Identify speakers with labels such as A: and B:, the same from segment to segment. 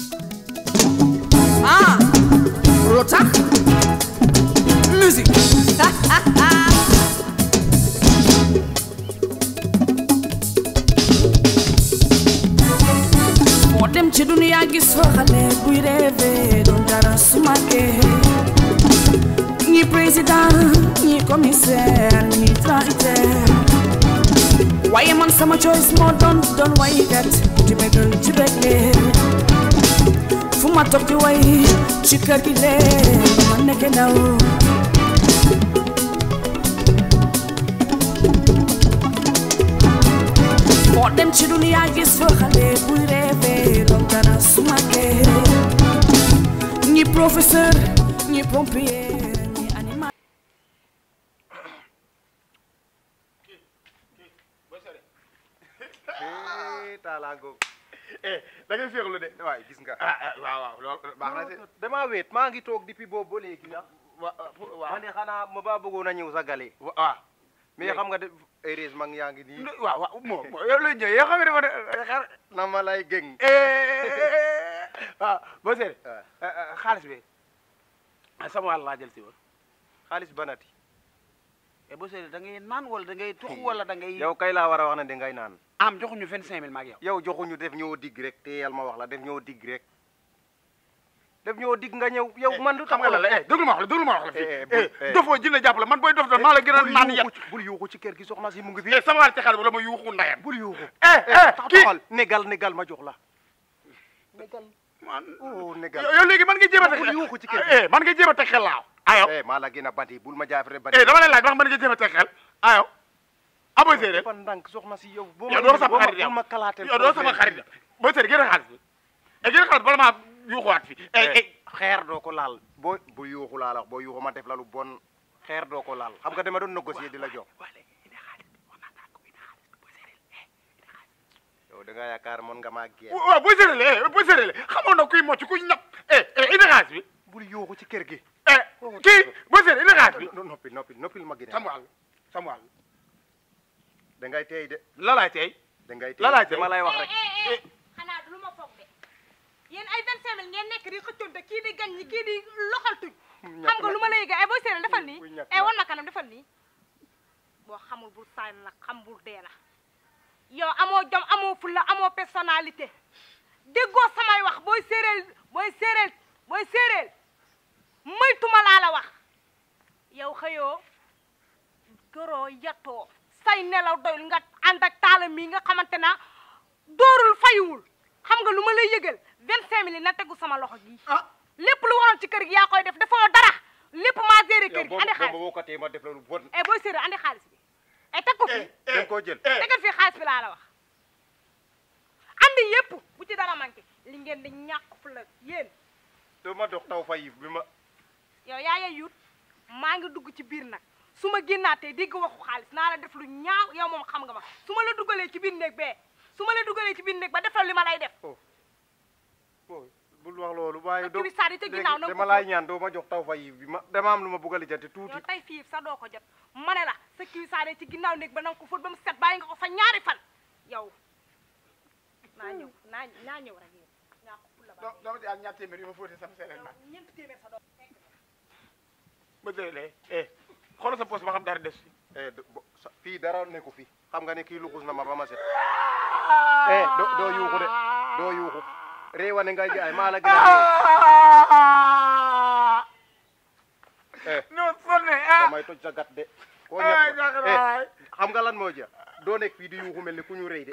A: ah lu moo dem ci duniya gis fa xale buy rêvé doon dara su màggee président ñi commissaire ñi traité waaye man sama choice moo doon doon waaye kat di megal ma toog di way ci kër gi lee ma nekk ndaw moo dem ci duniya gis fa xale buy rêve doon dara su ma kër ñi professeur ñi pompier
B: Talago. eh da ngay féexlu de waaye gis nga. ah ah waaw waaw loolu baax na de. damaa wéet maa ngi toog depuis boobu ba léegi la. wa de xanaa ma ba bëggoon a ñëw sa gale. waaw ah. mais xam nga de heureusement yaa ngi nii. waaw waaw moom yow lay ñëw yow xam nga dafa de eh, xar. na ma lay gëng. waaw boo seetee. xaalis bi ah, sama wàll laa jël si woon xaalis banati. e eh, bo sëri da ngay naan wala da ngay tux wala da ngay yow kay laa a wax ne ngay naan am joxuñu vingt cinq mille maag yow yow joxuñu def ñoo digg rek te yàlla ma wax la def ñoo digg rek def ñoo digg nga ñëw yow eh, man du tax la eh, la déglu ma wax la la fii dofoo jinne jàpp la man booy dof doon maa la gën a naan yat bul yuuxu ci kër gi soxna si mu ngi e sama war ci xel wala ma yuuxu ndayam bul yuuxu taxal negal negal ma jox la negal man oh man nga jéem a teg xel man nga jéem a teg laaw ayo eh, maa la gën a bati bul ma jaafere bati. eh dama lay laaj ba nga mën a jëfee teg xel ayo. aboy si yow. boo a a xaalis eh, bala maa yuuxuwaat fi. Eh, xeer ko laal boo bu yuuxu la boo yuuxu ma def la lu bon xeer doo ko laal xam nga dama doon négocier di la jox. yow da ngaa yaakaar nga maa génn. waaw booy séeréer la bi. bul yuuxu ci kër gi. noppi noppi noppil ma Guinée. Samuel Samuel. da ngay tey de. la laay tey. da la ma lay eh,
C: eh, eh, xanaa lu ma foog de yéen ay vingt cinq mille ngeen nekk di xëccoon de kii di gañ ñi kii di loxal tuñ. xam nga lu ma lay yëg ay booy séeréer defal nii. ay wan ma kanam defal nii. boo xamul bul saay nag xam bul dee la yow amoo jom amoo fulla amoo personnalité déggoo samay wax booy séeréer booy séeréer booy séeréer moytuma laa la wax. yow xeyo goro yattoo say nelaw doyul nga and ak taala mi nga xamantena dorul doorul xam nga luma lay yëgal vingt cinq na teggu sama loxo gi ah. lepp lu waron ci keur gi ya koy def dafoo dara lepp ma géré keur gi andi xaalis boo
B: ko tee ma def lu bon
C: eh booy séeréer andi xaalis bi eh takko fi eh, eh,
B: dañ ko jël eh.
C: tegal fi xaalis bi la la wax andi yépp bu ci dara manqué li ngeen di ñak fu la yeen
B: du ma dox taw fayif bima
C: yow yaaya yay yut maa ngi dugg ci biir nag su ma génnaatee dégg waxu xaalis naa la def lu ñaaw yow moom xam nga ma su ma la dugalee ci biir néeg bee su ma la dugalee ci biir néeg ba def la li ma lay def. Oh.
B: Oh, bul wax loolu waaye doo dama laay ñaan doo ma jox taw fa yi bi ma dama am lu ma bëgg a lijjanti tuuti yow
C: tey fii sa doo ko jot ma ne la sa kiwisaare ci ginnaaw néeg ba nanga ko fóot ba mu set bàyyi nga ko fa ñaari fan yow naa naa ñëw rek
B: yow ñaar téeméer yu ma fóotee sama sereer ma sa ma délee ah! eh xoolal sa poos ba xam dara des si fii dara nekku fi xam nga ne kii luxus na ma ba ma set eh doo yuuxu de doo yuuxu réewane nga jaay eh la gën eh non sonne ah damay toj sa gat de koo eh xam nga lan moo ja doo nekk fii di yuuxu mel ni ku ñu rëy de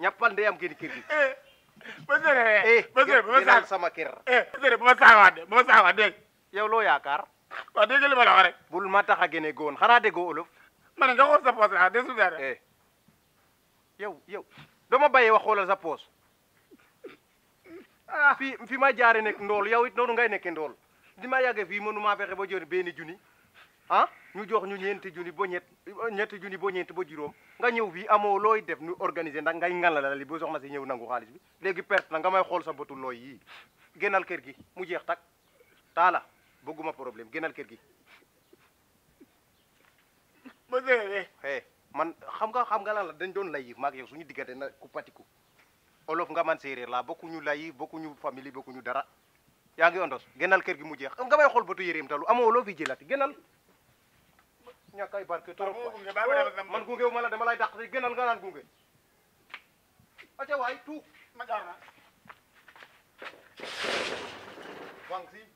B: ñàppal ndey am génn eh gi ba sere eh sere ba sama kër eh sere ba ma saawaat de ba ma saawaat de yow loo yaakaar waaw dégg nga ma la wax ma tax a génne góon xanaa déggoo olof. ma ne nga xool sa poos la ah desul dara. Eh. yow yow doo ma bàyyee wax xoolal sa poos. ah fii fi ma jaare nekk ndool yow it noonu ngay nekke ndool di ma yàggee fii mënu maa fexe ba jël benn junni ah ñu jox ñu ñeenti juni ba ñett ñetti junni ba ñeent ba juróom nga ñëw fii amoo looy def ñu organiser ndax ngay ngalala li boo soxna si ñëw nangu xaalis bi léegi perte na nga may xool sa bëtu looy yi génnal kër gi mu jeex tak taala buguma problème gënal kër gi. ma déggee. hé man xam nga xam nga la dañ doon lay mak yow suñu diggante na ku patiku olof nga man séré la bokku ñu lay bokku ñu family bokku ñu dara ya nga yondos gënal kër gi mu jeex xam nga may xool bëtu yéreem talu amo lo fi jëlati gënal ñàkkay barké torop oh, man gunge wu mala dama lay dàq gënal génnal nga naan gunge. acca way tu ma jaar na. wang si.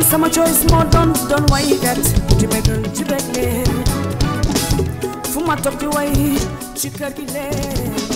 A: man sama choice moo doon doon waykat di bégal di bégle fu ma toog di way ci kër gi leen